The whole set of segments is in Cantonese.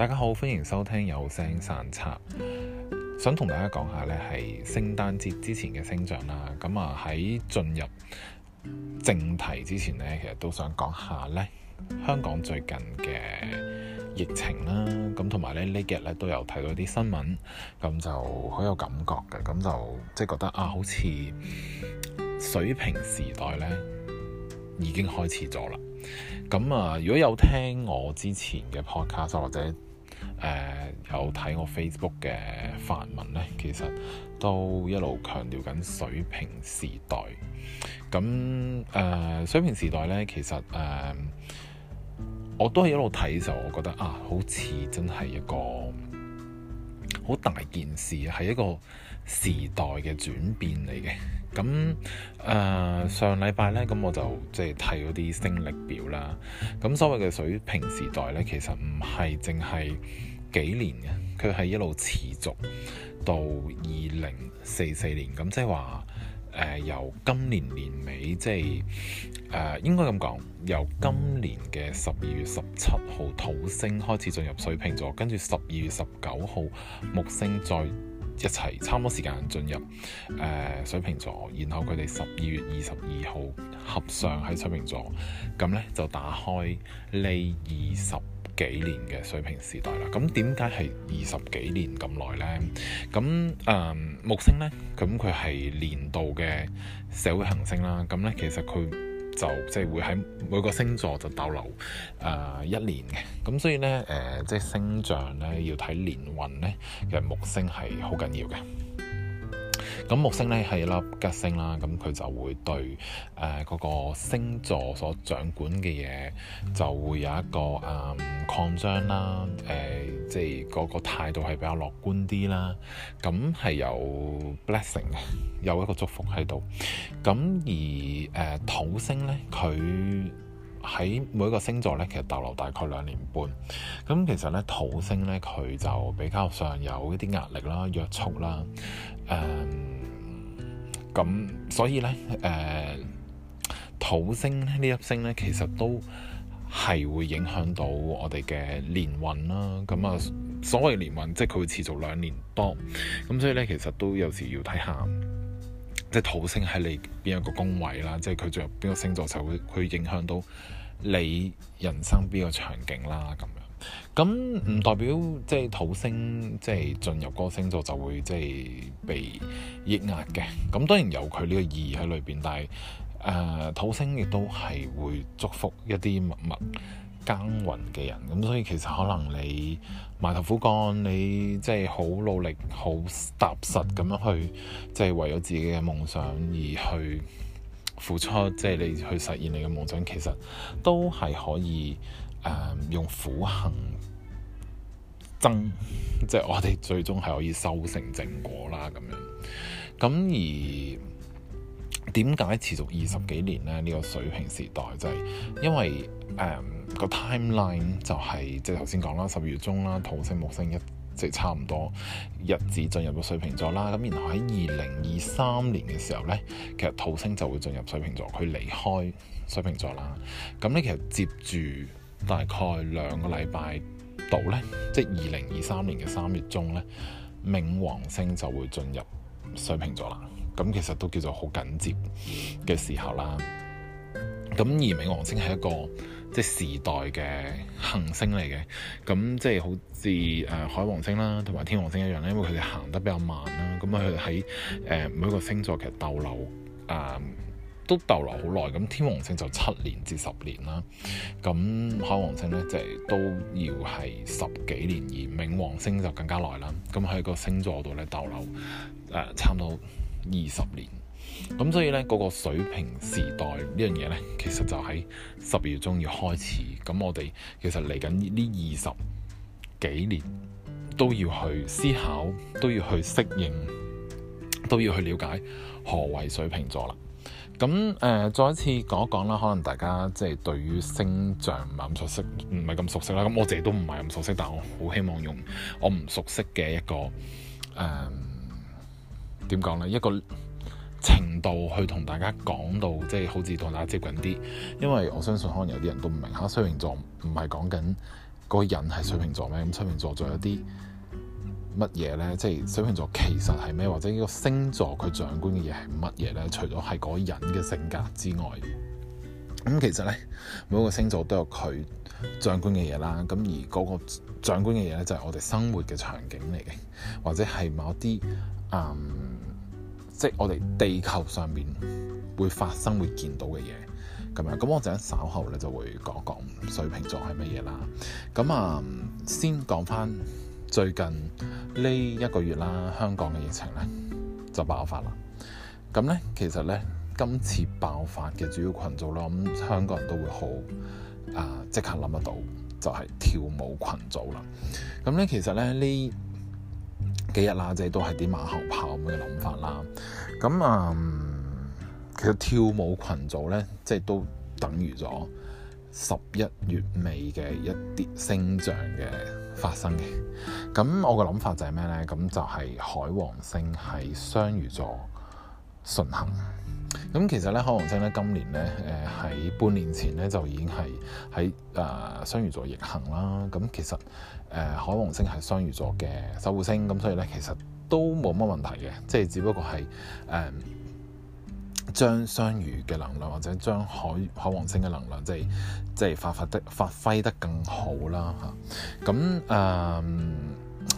大家好，歡迎收聽有聲散策。想同大家講下咧，係聖誕節之前嘅星象啦。咁啊喺進入正題之前呢，其實都想講下咧，香港最近嘅疫情啦。咁同埋咧呢幾日咧，都有睇到啲新聞，咁就好有感覺嘅。咁就即係覺得啊，好似水瓶時代咧已經開始咗啦。咁啊，如果有聽我之前嘅 podcast 或者誒、呃，有睇我 Facebook 嘅發文呢，其實都一路強調緊水瓶時代。咁誒、呃，水瓶時代呢，其實誒、呃，我都係一路睇就我覺得啊，好似真係一個好大件事啊，係一個。時代嘅轉變嚟嘅，咁誒、呃、上禮拜呢，咁我就即係睇嗰啲星曆表啦。咁所謂嘅水瓶時代呢，其實唔係淨係幾年嘅，佢係一路持續到二零四四年。咁即係話誒，由今年年尾即係誒、呃、應該咁講，由今年嘅十二月十七號土星開始進入水瓶座，跟住十二月十九號木星再。一齊差唔多時間進入誒、呃、水瓶座，然後佢哋十二月二十二號合上喺水瓶座，咁呢就打開呢二十幾年嘅水瓶時代啦。咁點解係二十幾年咁耐呢？咁誒、呃、木星呢，咁佢係年度嘅社會行星啦。咁呢其實佢。就即係會喺每個星座就逗留誒、呃、一年嘅，咁所以咧誒、呃，即係星象咧要睇年運咧，其實木星係好緊要嘅。咁木星咧係一粒吉星啦，咁佢就會對誒嗰、呃那個星座所掌管嘅嘢就會有一個誒、嗯、擴張啦，誒、呃、即係嗰個態度係比較樂觀啲啦，咁係有 blessing，有一個祝福喺度。咁而誒、呃、土星咧，佢喺每一個星座咧，其實逗留大概兩年半。咁其實咧，土星咧，佢就比較上有啲壓力啦、約束啦。誒、嗯，咁所以咧，誒、嗯、土星咧，呢一星咧，其實都係會影響到我哋嘅年運啦。咁啊，所謂年運，即係佢會持續兩年多。咁所以咧，其實都有時要睇下。即係土星喺你邊一個宮位啦，即係佢進入邊個星座就會佢影響到你人生邊個場景啦咁樣。咁唔代表即係土星即係進入嗰個星座就會即係被抑壓嘅。咁當然有佢呢個意義喺裏邊，但係誒、呃、土星亦都係會祝福一啲物物。耕耘嘅人，咁所以其實可能你埋頭苦幹，你即係好努力、好踏實咁樣去，即係為咗自己嘅夢想而去付出，即係你去實現你嘅夢想，其實都係可以誒、呃、用苦行僧，即係我哋最終係可以修成正果啦，咁樣，咁而。點解持續二十幾年呢？呢、這個水瓶時代就係因為誒個、嗯、timeline 就係即係頭先講啦，十、就、二、是、月中啦，土星木星一直、就是、差唔多，日子進入咗水瓶座啦。咁然後喺二零二三年嘅時候呢，其實土星就會進入水瓶座，佢離開水瓶座啦。咁、嗯、呢，其實接住大概兩個禮拜度呢，即係二零二三年嘅三月中呢，冥王星就會進入水瓶座啦。咁其實都叫做好緊接嘅時候啦。咁而冥王星係一個即係時代嘅行星嚟嘅。咁即係好似誒海王星啦，同埋天王星一樣咧，因為佢哋行得比較慢啦。咁佢喺誒每一個星座其實逗留誒、呃、都逗留好耐。咁天王星就七年至十年啦。咁海王星咧就係都要係十幾年，而冥王星就更加耐啦。咁喺個星座度咧逗留誒、呃、差唔多，二十年，咁所以呢，嗰、那個水瓶時代呢樣嘢呢，其實就喺十二月中要開始。咁我哋其實嚟緊呢二十幾年都要去思考，都要去適應，都要去了解何謂水瓶座啦。咁誒、呃，再一次講一講啦，可能大家即係對於星象唔係咁熟悉，唔係咁熟悉啦。咁我自己都唔係咁熟悉，但我好希望用我唔熟悉嘅一個誒。呃點講呢？一個程度去同大家講到，即係好似同大家接近啲。因為我相信可能有啲人都唔明下，水瓶座唔係講緊個人係水瓶座咩？咁水瓶座仲有啲乜嘢呢？即係水瓶座其實係咩？或者呢個星座佢掌管嘅嘢係乜嘢呢？除咗係個人嘅性格之外，咁、嗯、其實呢，每一個星座都有佢掌管嘅嘢啦。咁而嗰個掌管嘅嘢呢，就係我哋生活嘅場景嚟嘅，或者係某一啲。嗯，um, 即係我哋地球上面會發生，會見到嘅嘢咁樣，咁我陣稍後咧就會講講水瓶座係乜嘢啦。咁啊，先講翻最近呢一個月啦，香港嘅疫情咧就爆發啦。咁咧其實咧今次爆發嘅主要群組啦，咁香港人都會好啊即刻諗得到就係跳舞群組啦。咁咧其實咧呢。幾日啦，即係都係啲馬後炮咁嘅諗法啦。咁啊、嗯，其實跳舞群組咧，即係都等於咗十一月尾嘅一啲星象嘅發生嘅。咁我嘅諗法就係咩咧？咁就係海王星喺雙魚座順行。咁其實咧，海王星咧今年咧，誒喺半年前咧就已經係喺誒雙魚座逆行啦。咁其實，誒、呃、海王星係雙魚座嘅守護星，咁所以咧其實都冇乜問題嘅，即係只不過係誒、呃、將雙魚嘅能量或者將海海王星嘅能量，即係即係發發的發揮得更好啦嚇。咁、啊、誒、嗯、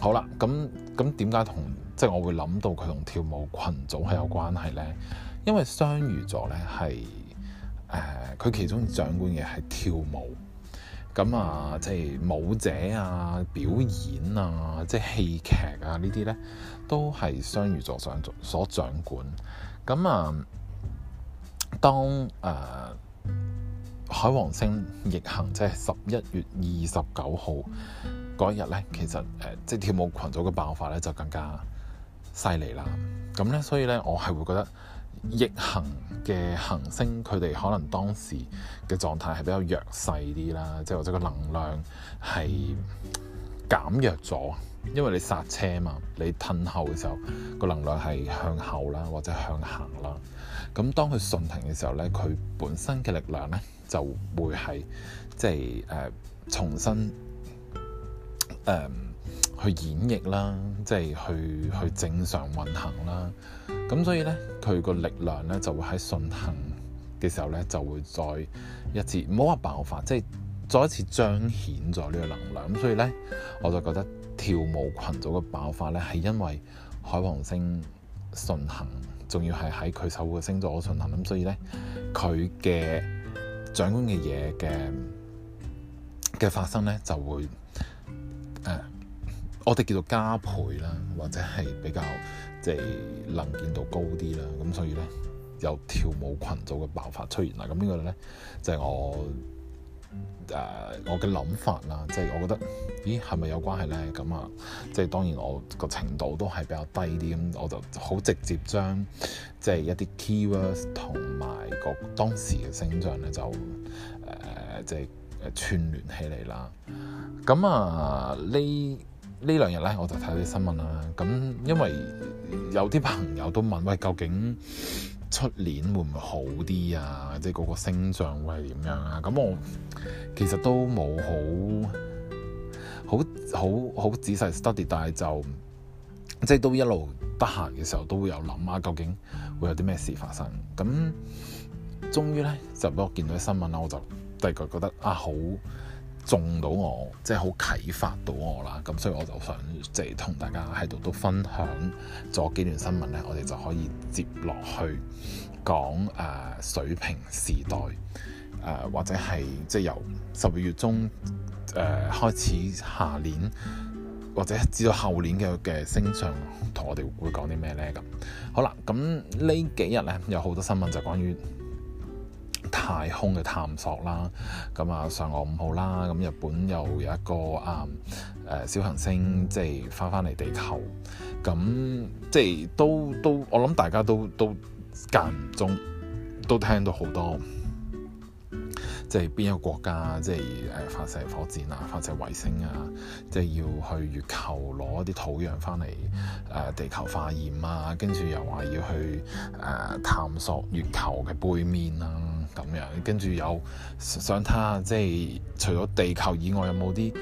好啦，咁咁點解同即係我會諗到佢同跳舞群組係有關係咧？因為雙魚座咧係誒佢其中掌管嘅係跳舞。咁啊，即係舞者啊，表演啊，即係戲劇啊，呢啲咧都係雙魚座上所掌管。咁啊，當誒、呃、海王星逆行，即係十一月二十九號嗰一日咧，其實誒、呃，即係跳舞群組嘅爆發咧，就更加犀利啦。咁咧，所以咧，我係會覺得。逆行嘅行星，佢哋可能當時嘅狀態係比較弱勢啲啦，即係或者個能量係減弱咗，因為你剎車啊嘛，你褪後嘅時候個能量係向後啦，或者向行啦。咁當佢順行嘅時候咧，佢本身嘅力量咧就會係即係誒重新誒。呃去演繹啦，即係去去正常運行啦。咁所以咧，佢個力量咧就會喺順行嘅時候咧就會再一次唔好話爆發，即係再一次彰顯咗呢個能量。咁所以咧，我就覺得跳舞群組嘅爆發咧係因為海王星順行，仲要係喺佢守嘅星座順行。咁所以咧，佢嘅掌管嘅嘢嘅嘅發生咧就會誒。呃我哋叫做加倍啦，或者係比較即係能見度高啲啦，咁所以咧，有跳舞群組嘅爆發出現啦。咁、這、呢個咧就係我誒我嘅諗法啦。即、就、係、是、我覺得咦係咪有關係咧？咁啊，即係當然我個程度都係比較低啲，咁我就好直接將即係一啲 keywords 同埋個當時嘅星象咧就誒即係誒串聯起嚟啦。咁啊呢～呢兩日咧，我就睇啲新聞啦。咁因為有啲朋友都問，喂，究竟出年會唔會好啲啊？即係嗰個星象會係點樣啊？咁我其實都冇好好好好仔細 study，但係就即係都一路得閒嘅時候都會有諗下、啊、究竟會有啲咩事發生？咁終於咧就俾我見到啲新聞啦，我就突然間覺得啊，好～中到我，即係好啟發到我啦。咁所以我就想，即係同大家喺度都分享咗幾段新聞咧，我哋就可以接落去講誒、呃、水瓶時代誒、呃，或者係即係由十二月中誒、呃、開始，下年或者至到後年嘅嘅星象，同我哋會講啲咩咧咁。好啦，咁呢幾日咧有好多新聞就係關於，太空嘅探索啦，咁啊，嫦娥五號啦，咁日本又有一個啊誒、呃、小行星，即係翻返嚟地球，咁即係都都我諗大家都都間唔中都聽到好多，即係邊一個國家即係誒、呃、發射火箭啊，發射衛星啊，即係要去月球攞一啲土壤翻嚟誒地球化驗啊，跟住又話要去誒、呃、探索月球嘅背面啊。咁樣，跟住有想睇下，即係除咗地球以外，有冇啲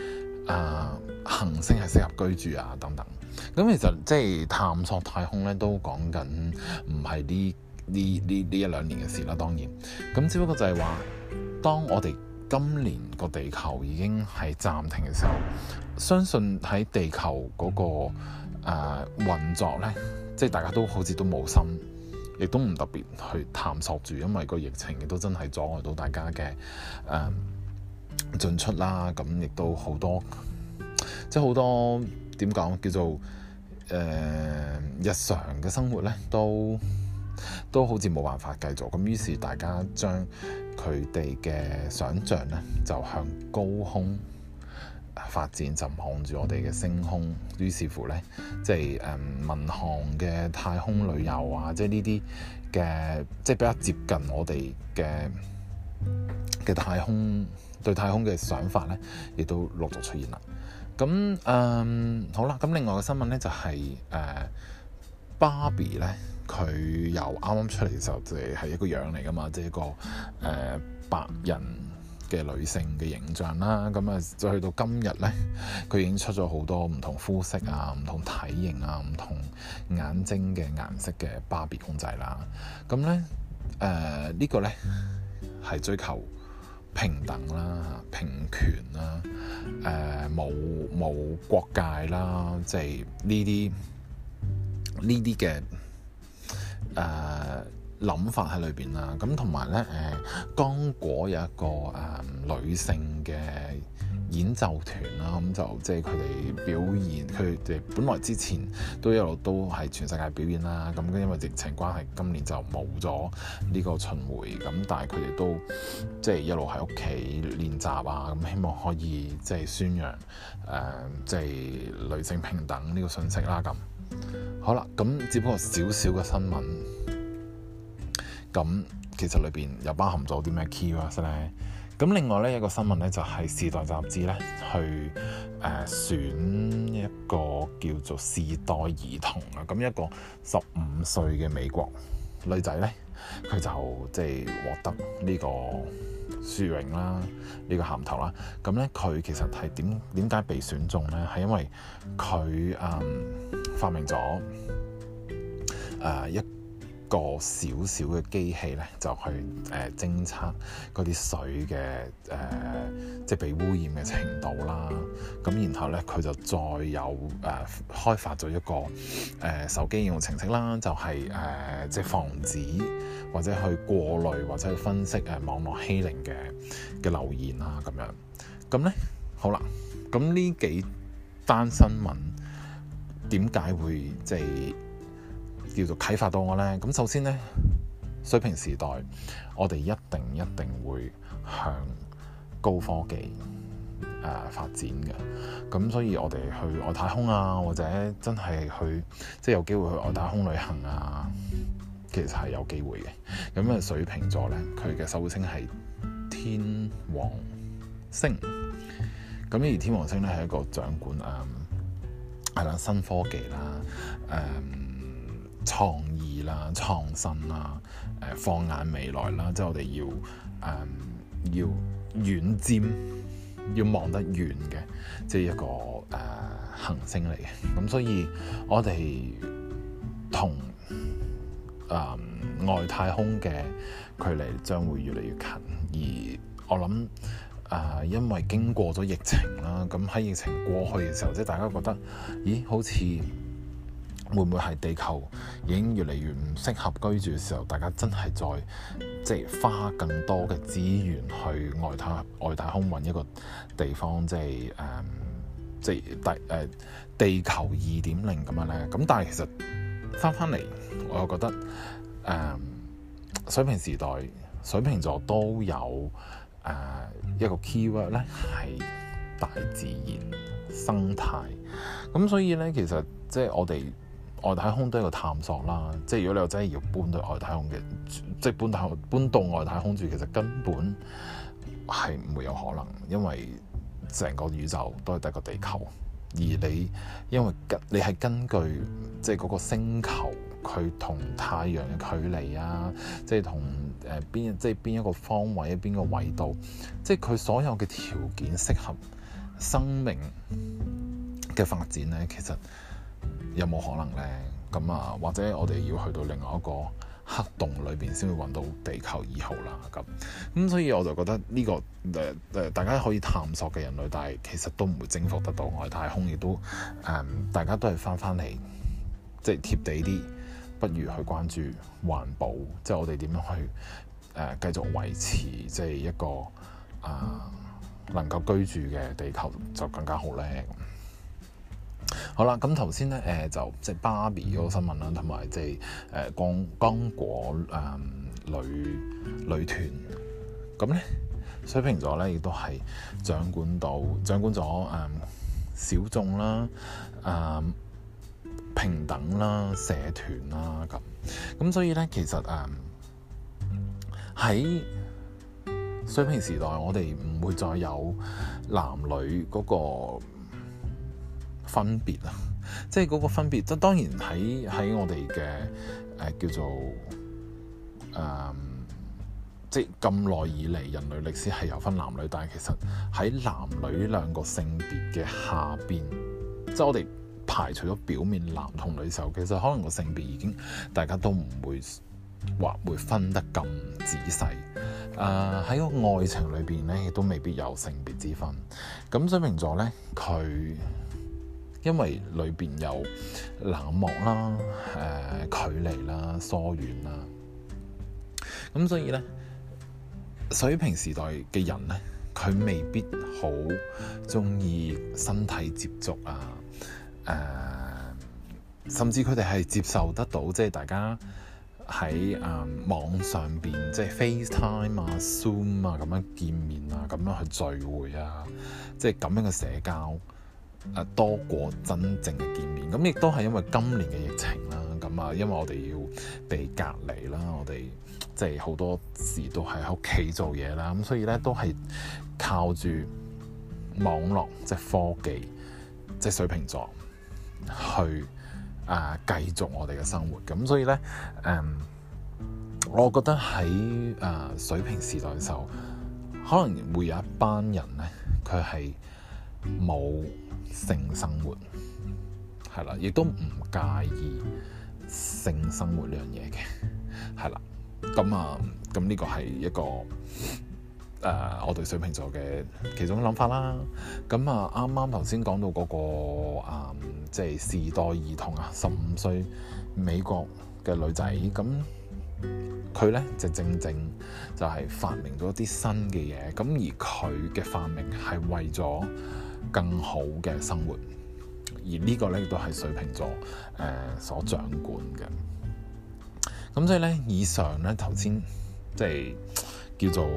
啊行星係適合居住啊？等等。咁、嗯、其實即係探索太空咧，都講緊唔係呢呢呢一兩年嘅事啦。當然，咁只不過就係話，當我哋今年個地球已經係暫停嘅時候，相信喺地球嗰個誒運作呢，即係大家都好似都冇心，亦都唔特別去探索住，因為個疫情亦都真係阻礙到大家嘅誒進出啦。咁亦都好多，即係好多點講叫做誒、呃、日常嘅生活咧，都都好似冇辦法繼續。咁於是大家將佢哋嘅想像咧，就向高空發展就望住我哋嘅星空，於是乎咧，即係誒、呃、民航嘅太空旅遊啊，即係呢啲嘅，即係比較接近我哋嘅嘅太空，對太空嘅想法咧，亦都陸續出現啦。咁誒、呃、好啦，咁另外嘅新聞咧就係誒芭比咧，佢、呃、由啱啱出嚟嘅時候就係一個樣嚟噶嘛，即、就、係、是、一個誒、呃、白人。嘅女性嘅形象啦，咁啊，再去到今日咧，佢已經出咗好多唔同膚色啊、唔同體型啊、唔同眼睛嘅顏色嘅芭比公仔啦。咁咧，誒、呃，這個、呢個咧係追求平等啦、吓，平權啦、誒、呃，冇冇國界啦，即係呢啲呢啲嘅誒。諗法喺裏邊啦，咁同埋咧，誒剛果有一個誒、呃、女性嘅演奏團啦，咁就即係佢哋表演，佢哋本來之前都一路都喺全世界表演啦，咁因為疫情關係，今年就冇咗呢個巡迴，咁但係佢哋都即係一路喺屋企練習啊，咁希望可以即係宣揚誒、呃、即係女性平等呢個信息啦。咁好啦，咁只不過少少嘅新聞。咁其實裏邊又包含咗啲咩 key words 咧？咁另外咧一個新聞咧就係《時代雜誌》咧去誒選一個叫做《時代兒童》啊，咁一個十五歲嘅美國女仔咧，佢就即係獲得呢個殊榮啦，呢、這個銜頭啦。咁咧佢其實係點點解被選中咧？係因為佢嗯發明咗誒、呃、一個少少嘅機器咧，就去誒偵測嗰啲水嘅誒、呃，即係被污染嘅程度啦。咁然後咧，佢就再有誒、呃、開發咗一個誒、呃、手機應用程式啦，就係、是、誒、呃、即係防止或者去過濾或者去分析誒網絡欺凌嘅嘅留言啦。咁樣。咁咧好啦，咁呢幾單新聞點解會即係？叫做啟發到我咧，咁首先咧，水瓶時代我哋一定一定會向高科技誒、呃、發展嘅，咁所以我哋去外太空啊，或者真係去即係有機會去外太空旅行啊，其實係有機會嘅。咁因為，水瓶座咧，佢嘅首星係天王星，咁而天王星咧係一個掌管誒係啦新科技啦誒。呃創意啦、創新啦、誒、呃，放眼未來啦，即係我哋要誒、呃、要遠瞻、要望得遠嘅，即係一個誒、呃、行星嚟嘅。咁所以我哋同誒外太空嘅距離將會越嚟越近。而我諗誒、呃，因為經過咗疫情啦，咁喺疫情過去嘅時候，即係大家覺得，咦，好似～會唔會係地球已經越嚟越唔適合居住嘅時候，大家真係再即係花更多嘅資源去外太空外太空揾一個地方，即係誒、嗯、即第誒地、呃、地球二點零咁樣咧？咁但係其實翻返嚟，我又覺得誒、嗯、水瓶時代水瓶座都有誒、呃、一個 key word 咧，係大自然生態。咁所以咧，其實即係我哋。外太空都有探索啦，即係如果你真係要搬到外太空嘅，即係搬到搬到外太空住，其實根本係唔會有可能，因為成個宇宙都係得個地球，而你因為你係根據即係嗰個星球佢同太陽嘅距離啊，即係同誒邊即係邊一個方位、邊個緯度，即係佢所有嘅條件適合生命嘅發展咧，其實。有冇可能咧？咁啊，或者我哋要去到另外一個黑洞裏邊先會揾到地球二號啦。咁咁，所以我就覺得呢、這個誒誒、呃呃、大家可以探索嘅人類，但係其實都唔會征服得到外太空，亦都誒、呃、大家都係翻返嚟，即係貼地啲，不如去關注環保，即係我哋點樣去誒、呃、繼續維持即係一個啊、呃、能夠居住嘅地球就更加好咧。好啦，咁頭先咧，誒、呃、就即係芭比嗰個新聞啦，同埋即係誒剛剛果誒、呃、女女團。咁咧，水瓶座咧亦都係掌管到掌管咗誒、呃、小眾啦、誒、呃、平等啦、社團啦咁。咁、嗯、所以咧，其實誒喺水瓶時代，我哋唔會再有男女嗰、那個。分別啊，即係嗰個分別。都當然喺喺我哋嘅誒叫做誒、呃，即咁耐以嚟人類歷史係有分男女，但係其實喺男女兩個性別嘅下邊，即係我哋排除咗表面男同女時候，其實可能個性別已經大家都唔會話會分得咁仔細。誒、呃、喺個愛情裏邊咧，亦都未必有性別之分。咁水瓶座咧，佢。因為裏邊有冷漠啦、誒、呃、距離啦、疏遠啦，咁所以咧，水瓶時代嘅人咧，佢未必好鍾意身體接觸啊，誒、呃，甚至佢哋係接受得到，即係大家喺誒、呃、網上邊，即係 FaceTime 啊、Zoom 啊咁樣見面啊、咁樣去聚會啊，即係咁樣嘅社交。誒多過真正嘅見面，咁亦都係因為今年嘅疫情啦，咁啊，因為我哋要被隔離啦，我哋即係好多時都喺屋企做嘢啦，咁所以咧，都係靠住網絡即係科技，即係水瓶座去誒繼續我哋嘅生活，咁所以咧誒、嗯，我覺得喺誒水瓶時代嘅時候，可能會有一班人咧，佢係。冇性生活，係啦，亦都唔介意性生活呢樣嘢嘅，係啦。咁啊，咁呢個係一個誒、呃，我對水瓶座嘅其中諗法啦。咁啊，啱啱頭先講到嗰，那個誒、呃，即係時代兒童啊，十五歲美國嘅女仔，咁佢咧，就正正就係發明咗啲新嘅嘢，咁而佢嘅發明係為咗。更好嘅生活，而呢個咧亦都係水瓶座誒、呃、所掌管嘅。咁所以咧，以上咧頭先即係叫做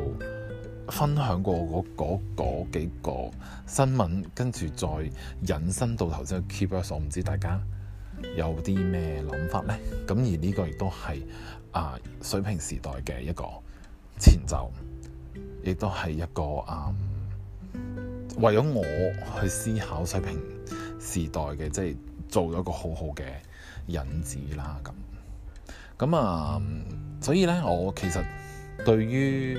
分享過嗰嗰嗰幾個新聞，跟住再引申到頭先嘅 keywords，我唔知大家有啲咩諗法咧？咁而呢個亦都係啊水瓶時代嘅一個前奏，亦都係一個啊。呃為咗我去思考水瓶時代嘅，即係做咗個好好嘅引子啦。咁咁啊，所以咧，我其實對於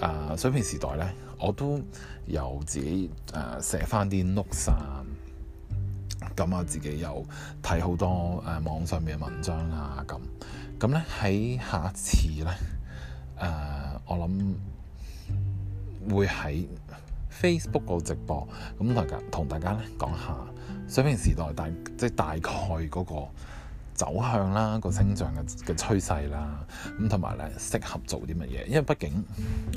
啊、呃、水瓶時代咧，我都由自己啊寫、呃、翻啲 note 啊，咁啊自己又睇好多誒、呃、網上面嘅文章啊，咁咁咧喺下次咧，誒、呃、我諗會喺 Facebook 個直播，咁同大家講下水瓶時代大即係大概嗰個走向啦，個星象嘅嘅趨勢啦，咁同埋咧適合做啲乜嘢？因為畢竟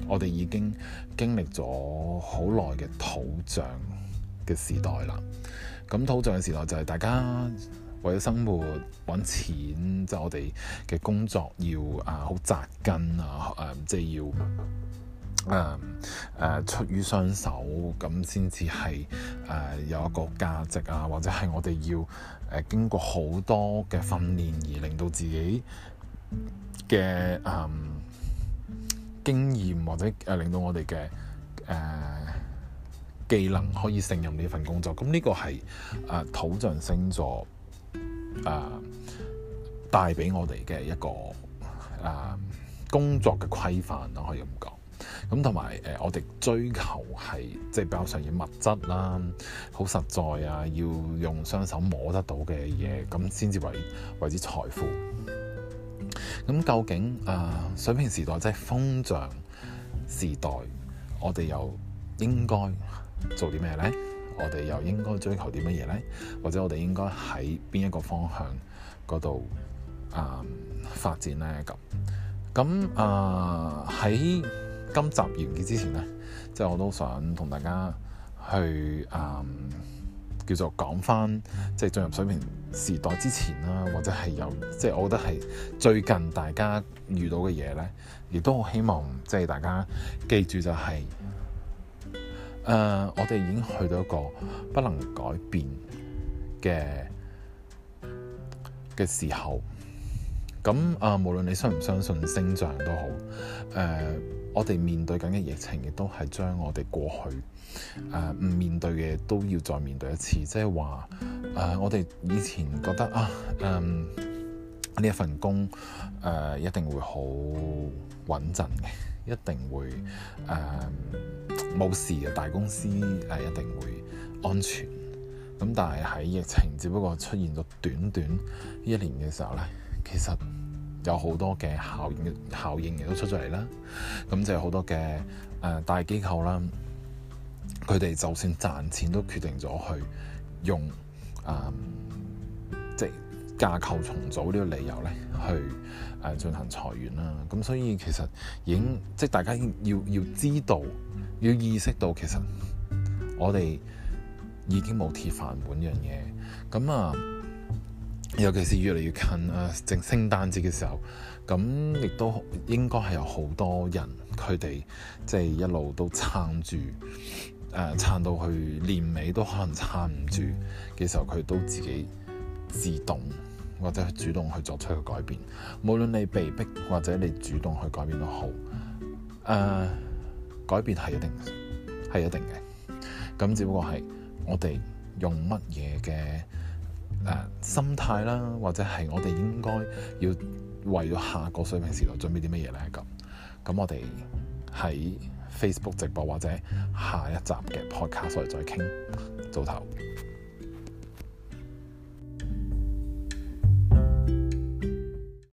我哋已經經歷咗好耐嘅土象嘅時代啦。咁土象嘅時代就係大家為咗生活揾錢，就係、我哋嘅工作要啊好扎根啊，誒、啊啊、即係要。誒誒出於雙手咁先至係誒有一個價值啊，或者係我哋要誒、呃、經過好多嘅訓練而令到自己嘅誒、呃、經驗或者誒令到我哋嘅誒技能可以勝任呢份工作。咁呢個係誒、呃、土象星座誒帶俾我哋嘅一個誒、呃、工作嘅規範咯，可以咁講。咁同埋，誒，我哋追求係即係比較上要物質啦，好實在啊，要用雙手摸得到嘅嘢，咁先至為為之財富。咁究竟誒、呃、水瓶時代即係風象時代，我哋又應該做啲咩咧？我哋又應該追求啲乜嘢咧？或者我哋應該喺邊一個方向嗰度啊發展咧？咁咁誒喺，呃今集完結之前呢，即係我都想同大家去誒、嗯、叫做講返，即係進入水瓶時代之前啦，或者係有即係，我覺得係最近大家遇到嘅嘢呢，亦都好希望即係大家記住就係、是、誒、呃，我哋已經去到一個不能改變嘅嘅時候。咁啊，無論你相唔相信星象都好，誒、呃，我哋面對緊嘅疫情，亦都係將我哋過去誒唔、呃、面對嘅都要再面對一次，即係話誒，我哋以前覺得啊，嗯，呢一份工誒一定會好穩陣嘅，一定會誒冇、呃、事嘅大公司誒一定會安全。咁但係喺疫情只不過出現咗短短一年嘅時候咧。其實有好多嘅效應，效應亦都出咗嚟啦。咁就有好多嘅誒、呃、大機構啦，佢哋就算賺錢都決定咗去用誒、呃，即係架構重組呢個理由咧，去誒、呃、進行裁員啦。咁所以其實已經，即係大家要要知道，要意識到其實我哋已經冇鐵飯碗樣嘢。咁啊～尤其是越嚟越近誒，正、呃、聖誕節嘅時候，咁亦都應該係有好多人，佢哋即係一路都撐住，誒、呃、撐到去年尾都可能撐唔住嘅時候，佢都自己自動或者主動去作出一個改變。無論你被逼或者你主動去改變都好，誒、呃、改變係一定係一定嘅，咁只不過係我哋用乜嘢嘅。誒、心態啦，或者係我哋應該要為咗下一個水瓶時代準備啲乜嘢呢？咁咁，我哋喺 Facebook 直播或者下一集嘅 Podcast 再傾做頭。